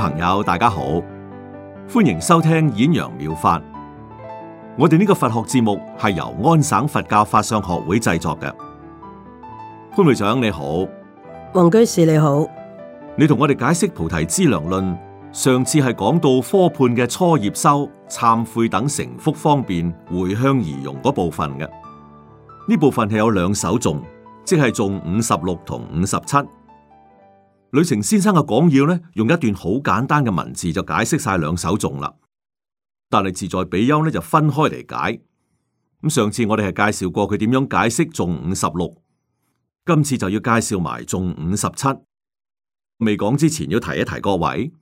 朋友，大家好，歡迎收聽《演揚妙妙法》。我哋呢個佛學節目係由安省佛教法相學會製作嘅。潘會長你好，王居士你好，你同我哋解釋《菩提資糧論》。上次係講到科判嘅初葉修懺悔等成福方便迴向儀容嗰部分嘅，呢部分係有兩首頌，即係頌五十六同五十七。呂程先生嘅講要咧，用一段好簡單嘅文字就解釋晒兩首頌啦。但係自在比丘咧就分開嚟解。咁上次我哋係介紹過佢點樣解釋頌五十六，今次就要介紹埋頌五十七。未講之前要提一提各位，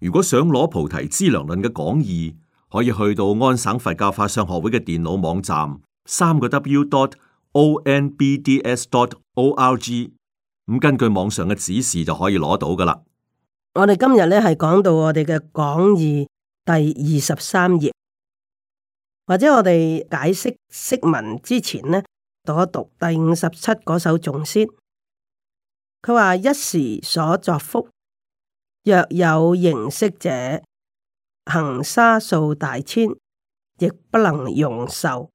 如果想攞菩提資糧論嘅講義，可以去到安省佛教法商學會嘅電腦網站，三個 w.dot.onbds.dot.org。咁根據網上嘅指示就可以攞到噶啦。我哋今日咧係講到我哋嘅講義第二十三頁，或者我哋解釋釋文之前咧，讀一讀第五十七嗰首頌先。佢話，一時所作福，若有形色者，恒沙數大千，亦不能容受。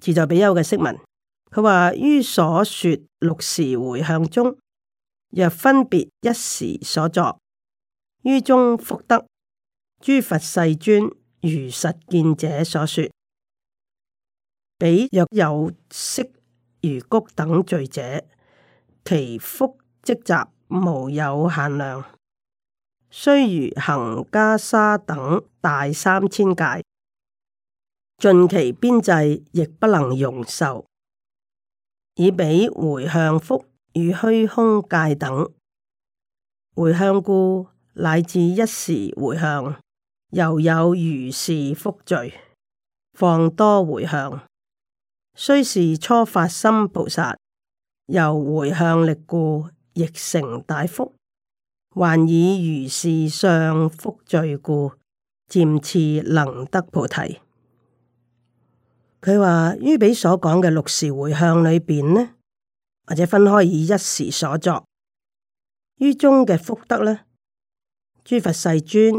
自在比丘嘅釋文。佢話於所說六時回向中，若分別一時所作，於中福德、諸佛世尊如實見者所說，彼若有色如穀等聚者，其福積集無有限量，雖如行袈裟等大三千界，盡其邊際亦不能容受。以彼回向福與虛空界等回向故，乃至一時回向，又有如是福罪，放多回向，雖是初發心菩薩，由回向力故，亦成大福，還以如是上福罪故，漸次能得菩提。佢話於彼所講嘅六時回向裏邊呢，或者分開以一時所作於中嘅福德呢，諸佛世尊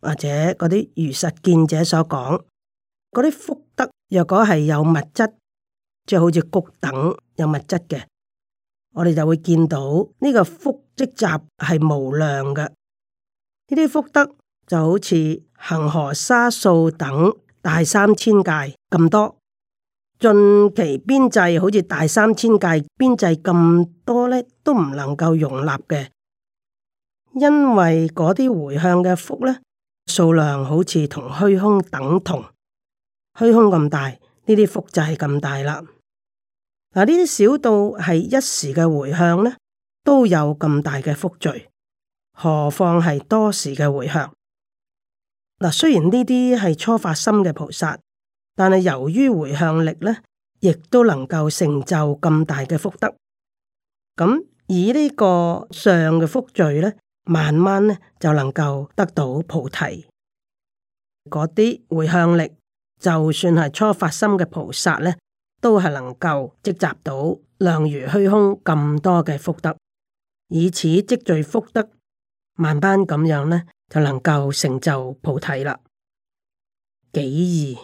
或者嗰啲如實見者所講嗰啲福德，若果係有物質，即係好似谷等有物質嘅，我哋就會見到呢個福積集係無量嘅。呢啲福德就好似恆河沙數等大三千界咁多。近期邊際好似大三千界邊際咁多咧，都唔能夠容納嘅，因為嗰啲回向嘅福咧，數量好似同虛空等同，虛空咁大呢啲福就係咁大啦。嗱，呢啲小到係一時嘅回向咧，都有咁大嘅福聚，何況係多時嘅回向。嗱，雖然呢啲係初發心嘅菩薩。但係由於回向力咧，亦都能夠成就咁大嘅福德。咁以呢個上嘅福聚咧，慢慢咧就能夠得到菩提。嗰啲回向力，就算係初發心嘅菩薩咧，都係能夠積集到量如虛空咁多嘅福德，以此積聚福德，慢慢咁樣咧就能夠成就菩提啦。幾易。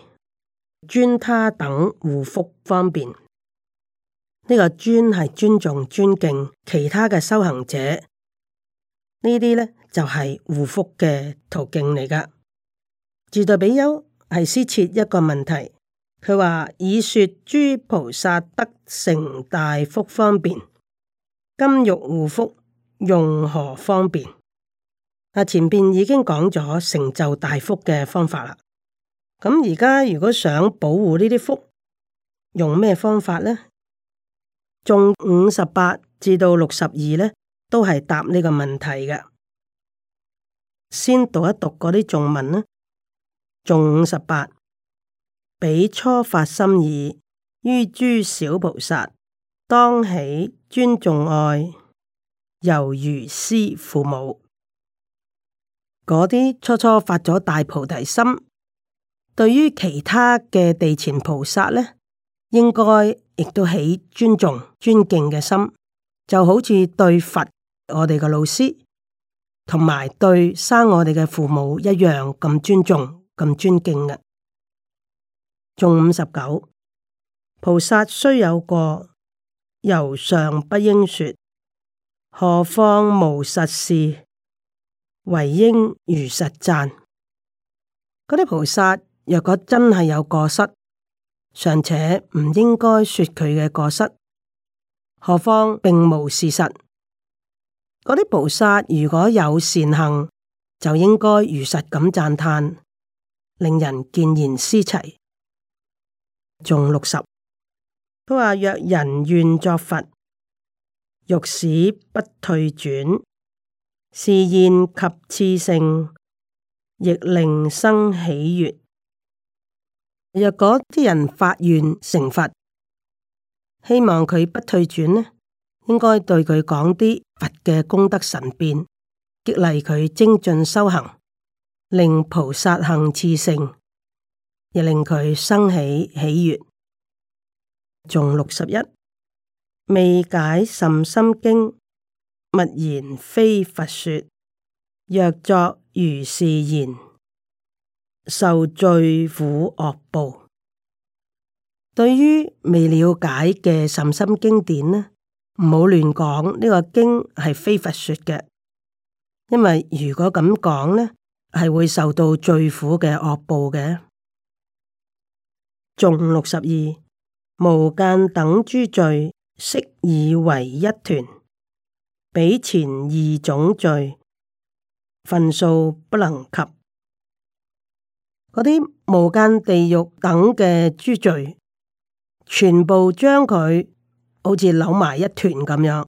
尊他等護福方便，呢、這個尊係尊重、尊敬其他嘅修行者。呢啲咧就係、是、護福嘅途徑嚟噶。自在比丘係先設一個問題，佢話已說諸菩薩得成大福方便，金玉護福用何方便？啊，前邊已經講咗成就大福嘅方法啦。咁而家如果想保護呢啲福，用咩方法呢？頌五十八至到六十二咧，都係答呢個問題嘅。先讀一讀嗰啲頌文啦。頌五十八，彼初發心意於諸小菩薩當起尊重愛，猶如師父母。嗰啲初初發咗大菩提心。對於其他嘅地前菩薩咧，應該亦都起尊重、尊敬嘅心，就好似對佛我哋嘅老師，同埋對生我哋嘅父母一樣咁尊重、咁尊敬嘅。仲五十九，菩薩雖有過，猶尚不應說，何況無實事？唯應如實讚。嗰啲菩薩。若果真係有過失，尚且唔應該說佢嘅過失，何況並無事實。嗰啲菩薩如果有善行，就應該如實咁讚嘆，令人見賢思齊。仲六十，佢話，若人願作佛，欲使不退轉，是現及次性，亦令生喜悦。若果啲人發願成佛，希望佢不退轉呢，應該對佢講啲佛嘅功德神變，激勵佢精進修行，令菩薩行次成，亦令佢生起喜悦。仲六十一，未解甚深經，勿言非佛說，若作如是言。受罪苦惡報。對於未了解嘅甚深經典呢，唔好亂講。呢個經係非佛說嘅，因為如果咁講呢，係會受到罪苦嘅惡報嘅。眾六十二，無間等諸罪，悉以為一團，比前二種罪，分數不能及。嗰啲無間地獄等嘅諸罪，全部將佢好似扭埋一團咁樣。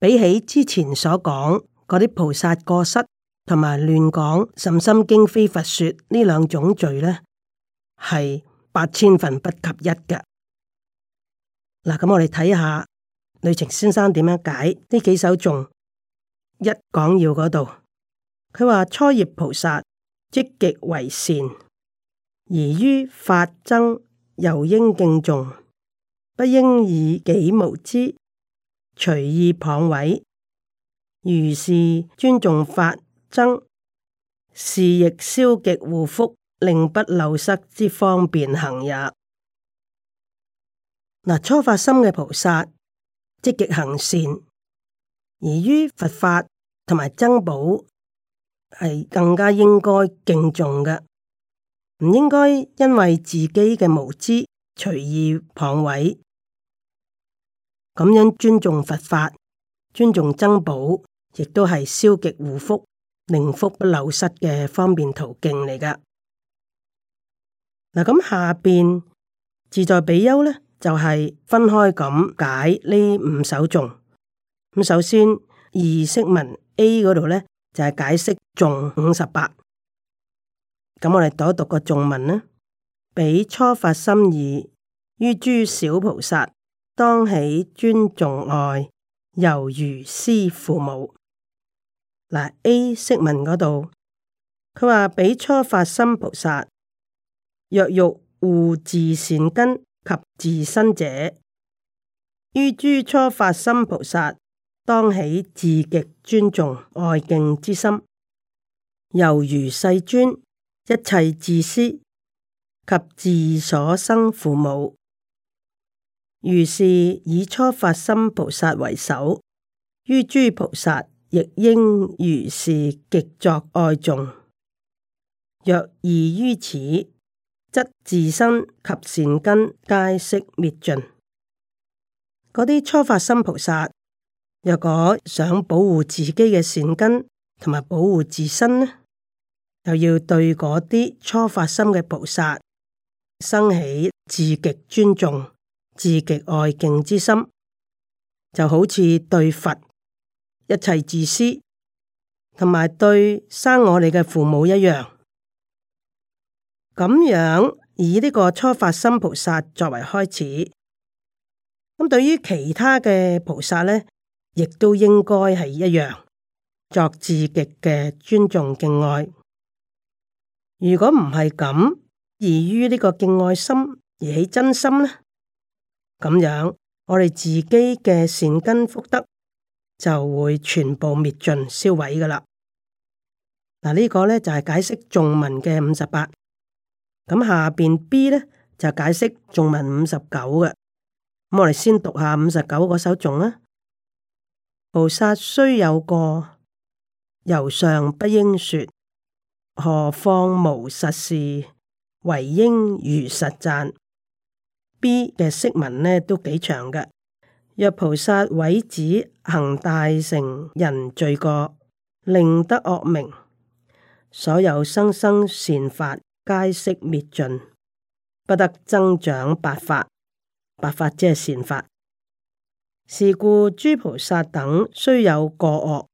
比起之前所講嗰啲菩薩過失同埋亂講《甚深經非佛說》呢兩種罪呢，係八千分不及一嘅。嗱，咁、嗯、我哋睇下呂澄先生點樣解呢幾首頌，一講要嗰度，佢話初業菩薩，積極為善，而於法僧又應敬重，不應以己無知隨意謗毀。如是尊重法僧，是亦消極護福，令不漏失之方便行也。嗱，初發心嘅菩薩積極行善，而於佛法同埋僧寶。係更加應該敬重嘅，唔應該因為自己嘅無知隨意謗毀。咁樣尊重佛法、尊重僧寶，亦都係消極護福、令福不流失嘅方便途徑嚟㗎。嗱、啊，咁、嗯、下邊自在比丘咧，就係、是、分開咁解呢五首頌。咁、嗯、首先二釋文 A 嗰度咧，就係、是、解釋。頌五十八，咁我哋讀一讀個頌文啦。彼初發心意於諸小菩薩，當起尊重愛，猶如師父母。嗱，A 釋文嗰度，佢話彼初發心菩薩若欲護自善根及自身者，於諸初發心菩薩，當起至極尊重愛敬之心。猶如世尊一切自私及自所生父母，如是以初發心菩薩為首，於諸菩薩亦應如是極作愛眾。若異於此，則自身及善根皆悉滅盡。嗰啲初發心菩薩，若果想保護自己嘅善根，同埋保護自身呢，又要對嗰啲初發心嘅菩薩生起至極尊重、至極愛敬之心，就好似對佛、一切自私同埋對生我哋嘅父母一樣。咁樣以呢個初發心菩薩作為開始，咁對於其他嘅菩薩呢，亦都應該係一樣。作至極嘅尊重敬愛，如果唔係咁，而於呢個敬愛心而起真心呢，咁樣我哋自己嘅善根福德就會全部滅盡、燒毀噶啦。嗱、啊，這個、呢個咧就係、是、解釋頌文嘅五十八，咁、啊、下邊 B 咧就解釋頌文五十九嘅。咁、啊、我哋先讀下五十九嗰首頌啊，菩薩雖有過。由上不應說，何況無實事？唯應如實讚。B 嘅釋文呢都幾長嘅。若菩薩毀子行大乘人罪過，令得惡名，所有生生善法皆悉滅盡，不得增長八法。八法即係善法。是故諸菩薩等雖有過惡。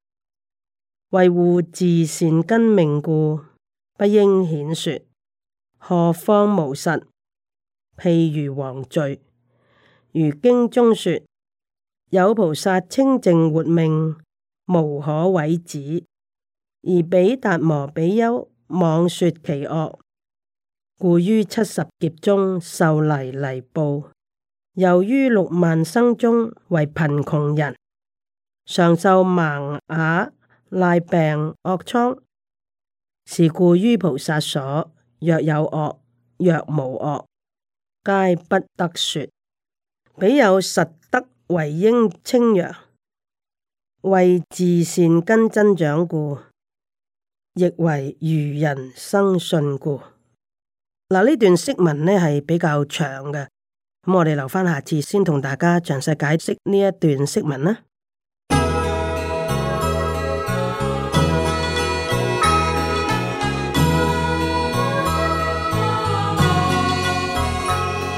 維護自善根命故，不應顯說。何方無實？譬如王罪，如經中說，有菩薩清淨活命，無可毀止，而彼達摩比丘妄，妄說其惡，故於七十劫中受嚡嚡報，又於六萬生中為貧窮人，常受盲啞。賴病惡瘡，是故於菩薩所，若有惡，若無惡，皆不得說。彼有實德，為應稱揚，為自善根增長故，亦為愚人生信故。嗱，呢段釋文呢係比較長嘅，咁我哋留翻下，下次先同大家詳細解釋呢一段釋文啦。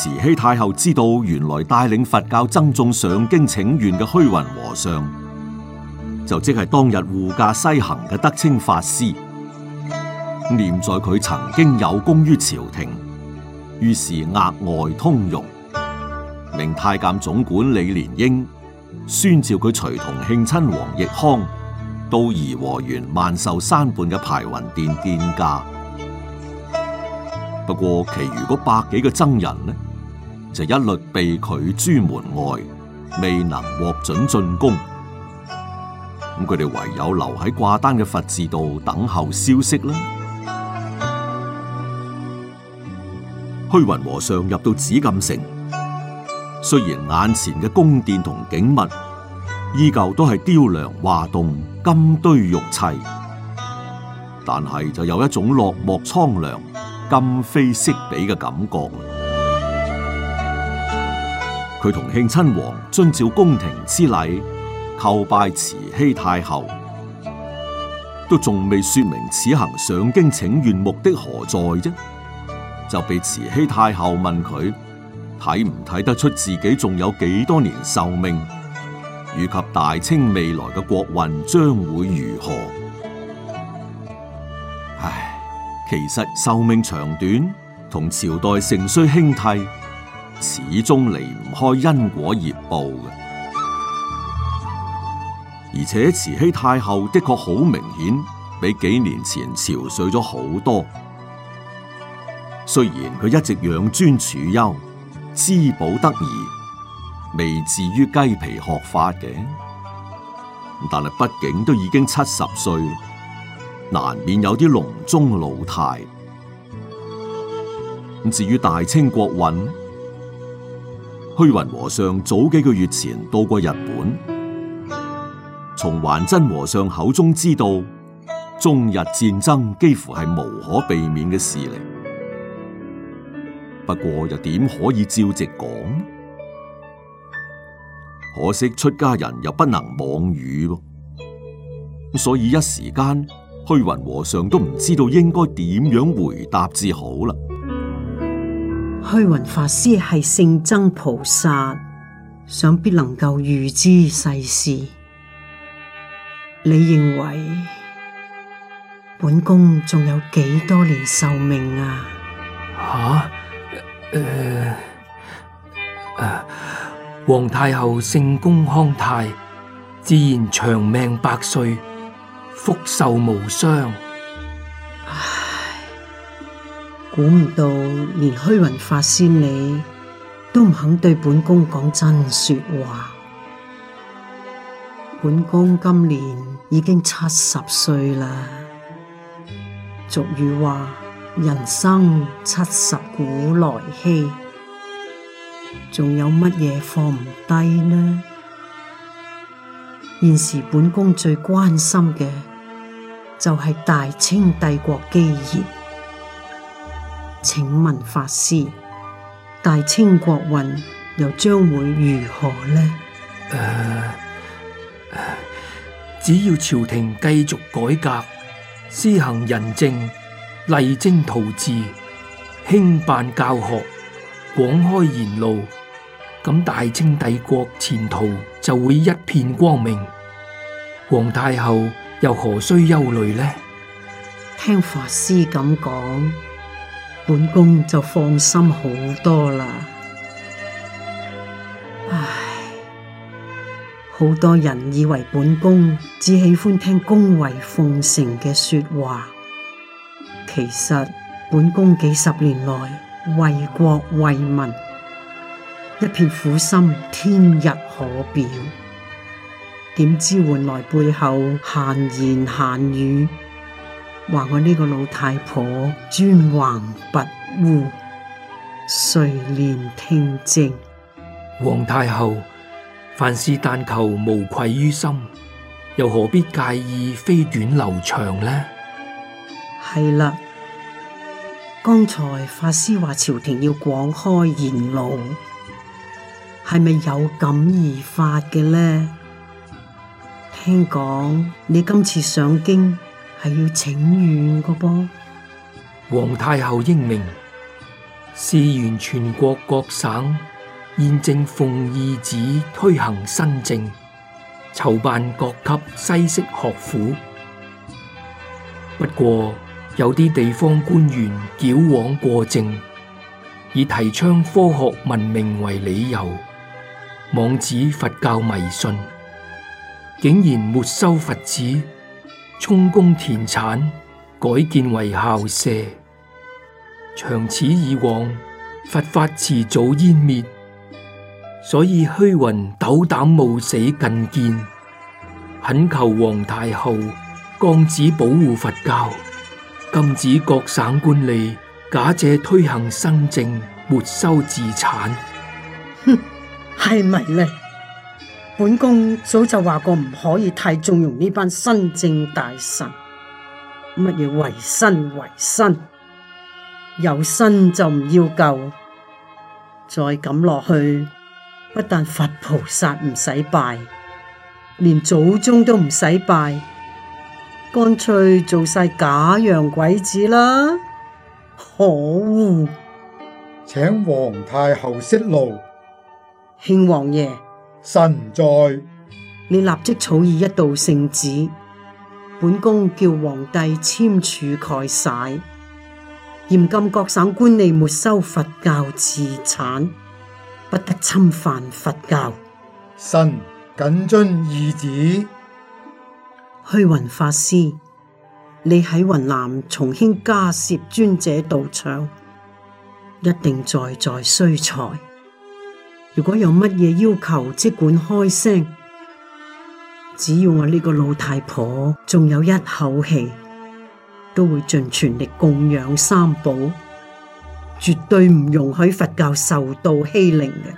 慈禧太后知道原來帶領佛教僧眾上京請願嘅虛雲和尚，就即係當日護駕西行嘅德清法師，念在佢曾經有功於朝廷，於是額外通融，命太監總管李蓮英宣召佢隨同慶親王奕康到頤和園萬壽山畔嘅排雲殿見駕。不過其餘嗰百幾個僧人呢？就一律被拒諸門外，未能獲准進宮。咁佢哋唯有留喺掛單嘅佛寺度等候消息啦。虛雲和尚入到紫禁城，雖然眼前嘅宮殿同景物依舊都係雕梁畫棟、金堆玉砌，但係就有一種落寞蒼涼、今非昔比嘅感覺。佢同慶親王遵照宮廷之禮叩拜慈禧太后，都仲未說明此行上京請願目的何在啫，就被慈禧太后問佢睇唔睇得出自己仲有幾多年壽命，以及大清未來嘅國運將會如何？唉，其實壽命長短同朝代盛衰興替，始終離唔開因果業報嘅，而且慈禧太后的確好明顯比幾年前憔悴咗好多。雖然佢一直養尊處優，滋補得宜，未至於雞皮鶴髮嘅，但係畢竟都已經七十歲，難免有啲龍鍾老態。咁至於大清國運？虛雲和尚早幾個月前到過日本，從還真和尚口中知道，中日戰爭幾乎係無可避免嘅事嚟。不過又點可以照直講？可惜出家人又不能妄語咯，所以一時間虛雲和尚都唔知道應該點樣回答至好啦。虛雲法師係聖僧菩薩，想必能夠預知世事。你認為本宮仲有幾多年壽命啊？吓、啊？皇、呃啊、太后聖躬康泰，自然長命百歲，福壽無雙。估唔到連虛，連虛雲法師你都唔肯對本宮講真說話。本宮今年已經七十歲啦，俗語話人生七十古來稀，仲有乜嘢放唔低呢？現時本宮最關心嘅，就係、是、大清帝國基業。請問法師，大清國運又將會如何呢？Uh, uh, 只要朝廷繼續改革，施行仁政，勵精圖治，興辦教學，廣開言路，咁大清帝國前途就會一片光明。皇太后又何須憂慮呢？聽法師咁講。本宮就放心好多啦。唉，好多人以為本宮只喜歡聽恭維奉承嘅說話，其實本宮幾十年來為國為民，一片苦心，天日可表。點知換來背後閒言閒語？話我呢個老太婆專橫跋扈，垂簾聽政。皇太后，凡事但求無愧於心，又何必介意飛短流長呢？係啦，剛才法師話朝廷要廣開言路，係咪有感而發嘅呢？聽講你今次上京，係要請願嘅噃。皇太后英明，事緣全國各省現正奉懿旨推行新政，籌辦各級西式學府。不過有啲地方官員矯枉過正，以提倡科學文明為理由，妄指佛教迷信，竟然沒收佛寺，充公田產，改建為校舍，長此以往，佛法遲早湮滅。所以虛雲斗膽冒死進諫，懇求皇太后降旨保護佛教，禁止各省官吏假借推行新政，沒收自產。哼，係咪咧？本宮早就話過唔可以太縱容呢班新政大臣，乜嘢維新維新，有新就唔要舊。再咁落去，不但佛菩薩唔使拜，連祖宗都唔使拜，乾脆做晒假洋鬼子啦！可惡！請皇太后息怒。慶王爺。神在，你立即草擬一道聖旨，本宮叫皇帝簽署蓋玺，嚴禁各省官吏沒收佛教資產，不得侵犯佛教。臣謹遵懿旨。虛雲法師，你喺雲南重興迦葉尊者道場，一定在在需財。如果有乜嘢要求，即管開聲。只要我呢個老太婆仲有一口氣，都會盡全力供養三寶，絕對唔容許佛教受到欺凌嘅。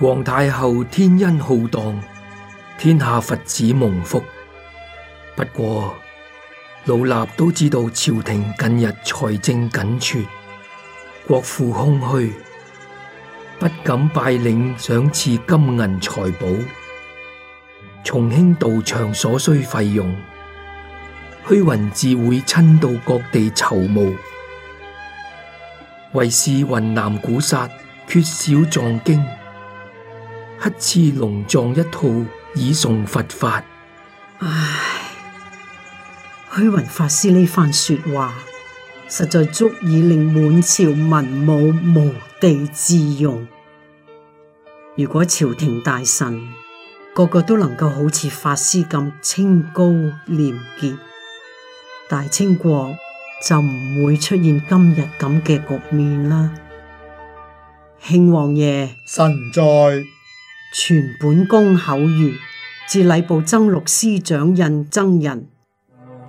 皇太后天恩浩蕩，天下佛子蒙福。不過老衲都知道，朝廷近日財政緊絀，國庫空虛。不敢拜領賞賜金銀財寶，重興道場所需費用，虛雲自會親到各地籌募。為是雲南古剎缺少藏經，乞賜龍藏一套以崇佛法。唉，虛雲法師呢番說話。實在足以令滿朝文武無地自容。如果朝廷大臣個個都能夠好似法師咁清高廉潔，大清國就唔會出現今日咁嘅局面啦。慶王爺。臣在。傳本宮口諭，至禮部僧錄司掌印僧人，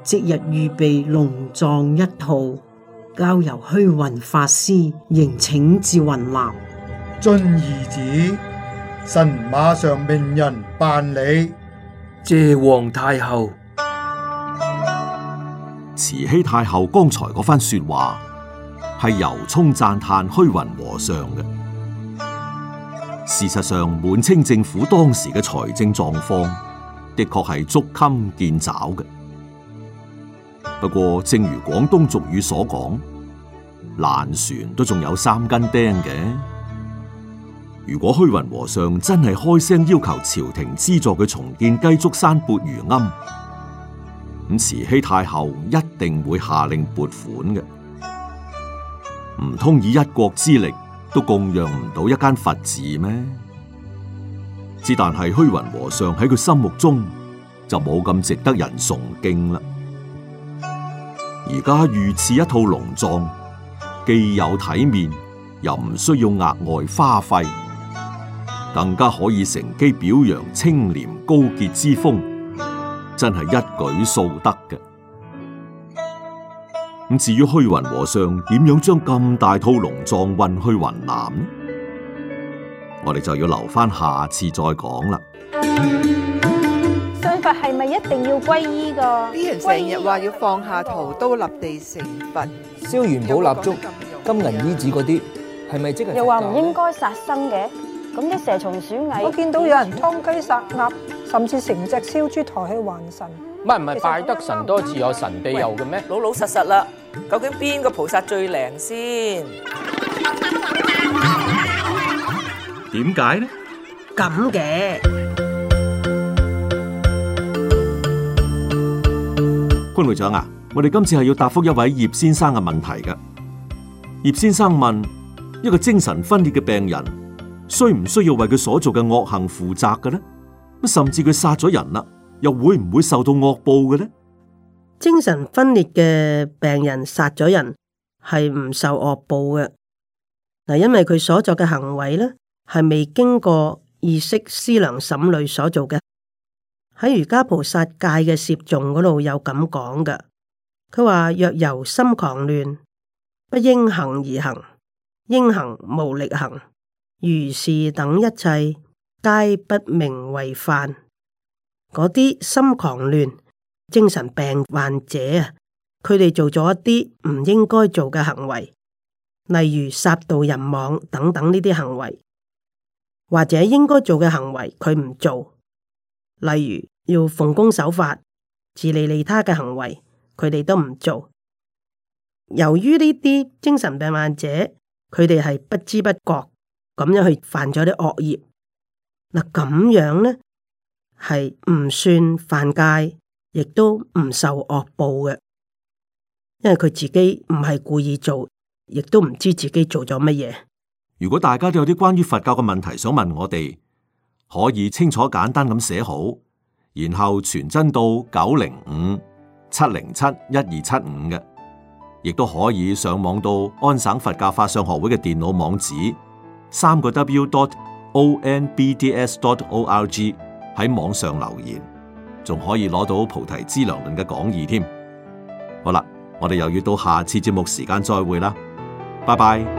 即日預備龍藏一套。交由虛雲法師迎請至雲南，遵懿旨，臣馬上命人辦理謝皇太后。慈禧太后剛才嗰番說話，係由衷讚歎虛雲和尚嘅。事實上，滿清政府當時嘅財政狀況，的確係捉襟見肘嘅。不過，正如廣東俗語所講，爛船都仲有三根釘嘅。如果虛雲和尚真係開聲要求朝廷資助佢重建雞足山缽盂庵，咁慈禧太后一定會下令撥款嘅。唔通以一國之力都供養唔到一間佛寺咩？只但係虛雲和尚喺佢心目中就冇咁值得人崇敬啦。而家如此一套龍藏，既有體面，又唔需要額外花費，更加可以乘機表揚清廉高潔之風，真係一舉數得嘅。咁至於虛雲和尚點樣將咁大套龍藏運去雲南呢？我哋就要留翻，下次再講啦。係咪一定要皈依㗎？啲人成日話要放下屠刀立地成佛，燒元寶蠟燭、金銀衣紙嗰啲，係咪即係？又話唔應該殺生嘅，咁啲蛇蟲鼠蟻，我見到有人劏雞殺鴨，甚至成隻燒豬抬去還神。唔係唔係，拜得神多自有神庇佑嘅咩？老老實實啦，究竟邊個菩薩最靈先？點解呢？咁嘅。關會長啊，我哋今次係要答覆一位葉先生嘅問題嘅。葉先生問：一個精神分裂嘅病人，需唔需要為佢所做嘅惡行負責嘅呢？甚至佢殺咗人啦，又會唔會受到惡報嘅呢？精神分裂嘅病人殺咗人係唔受惡報嘅。嗱，因為佢所作嘅行為咧係未經過意識思量審慮所做嘅。喺瑜伽菩薩戒嘅攝眾嗰度有咁講嘅，佢話若由心狂亂，不應行而行，應行無力行，如是等一切皆不明為犯。嗰啲心狂亂、精神病患者啊，佢哋做咗一啲唔應該做嘅行為，例如殺盜淫妄等等呢啲行為，或者應該做嘅行為佢唔做。例如要奉公守法、自利利他嘅行為，佢哋都唔做。由於呢啲精神病患者，佢哋係不知不覺咁樣去犯咗啲惡業。嗱，咁樣咧係唔算犯戒，亦都唔受惡報嘅，因為佢自己唔係故意做，亦都唔知自己做咗乜嘢。如果大家都有啲關於佛教嘅問題，想問我哋，可以清楚簡單咁寫好，然後傳真到九零五七零七一二七五嘅，亦都可以上網到安省佛教法相學會嘅電腦網址，三個 w.dot.o.n.b.d.s.dot.o.r.g 喺網上留言，仲可以攞到菩提資糧論嘅講義添。好啦，我哋又要到下次節目時間再會啦，拜拜。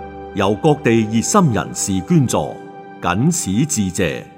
由各地熱心人士捐助，謹此致謝。